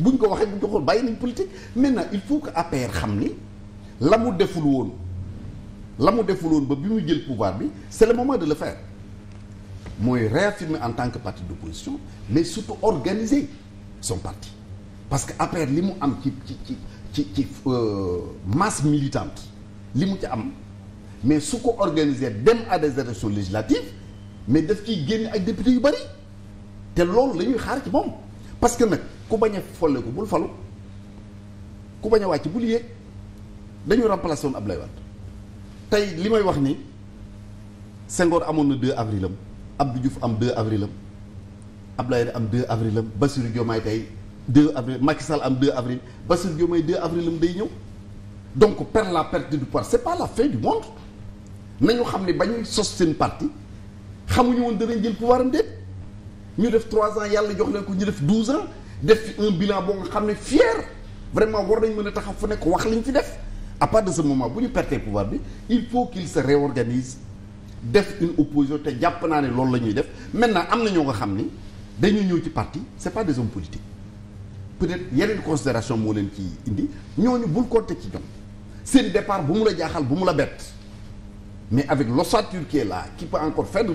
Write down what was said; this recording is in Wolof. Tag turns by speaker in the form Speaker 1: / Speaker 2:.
Speaker 1: bu buñ ko waxee buñ ko xool bàyyi nañ politique maintenant il faut que APR xam ni la mu deful woon la mu deful woon ba bi mu jël pouvoir bi c'est le moment de le faire mooy réaffirmer en tant que parti d'opposition mais surtout organiser son parti parce que APR li mu am ci ci ci ci ci euh, masse militante li mu ci am mais su ko organiser dem à des élections législatives mais daf ciy génn ak députés yu bari te loolu la ñuy xaar ci moom parce que nag ku bañ a folle ko bul falu ku bañ a wàcc bul yéeg dañu remplacé woon Ablaye Wade tey li may wax ni Senghor amoon na 2 avril am Abdou Diouf am 2 avril am Ablaye am 2 avril am Bassirou Diomaye tey 2 avril Macky Sall am 2 avril Bassirou Diomaye 2 avril day ñëw donc perdre la perte du pouvoir c'est pas la fin du monde nañu xam ne bañ sos seen parti xamuñu woon danañ jël pouvoir am déet ñu def trois ans yàlla jox leen ko ñu def douze ans def fi un bilan boo nga xam ne fier vraiment war nañ mën a taxaw fu nekk wax liñ fi def à part de ce moment bu ñu perte pouvoir bi il faut qu'il se réorganise def une opposition te jàpp naa ne loolu la ñuy def maintenant am na ñoo nga xam ni dañuy ñëw ci parti c'est pas des hommes politiques peut-être yeneen considération moo leen ci indi ñooñu bul conte ci ñoom seen départ bu mu la jaaxal bu mu la bett mais avec l'ossature qui est là qui peut encore faire de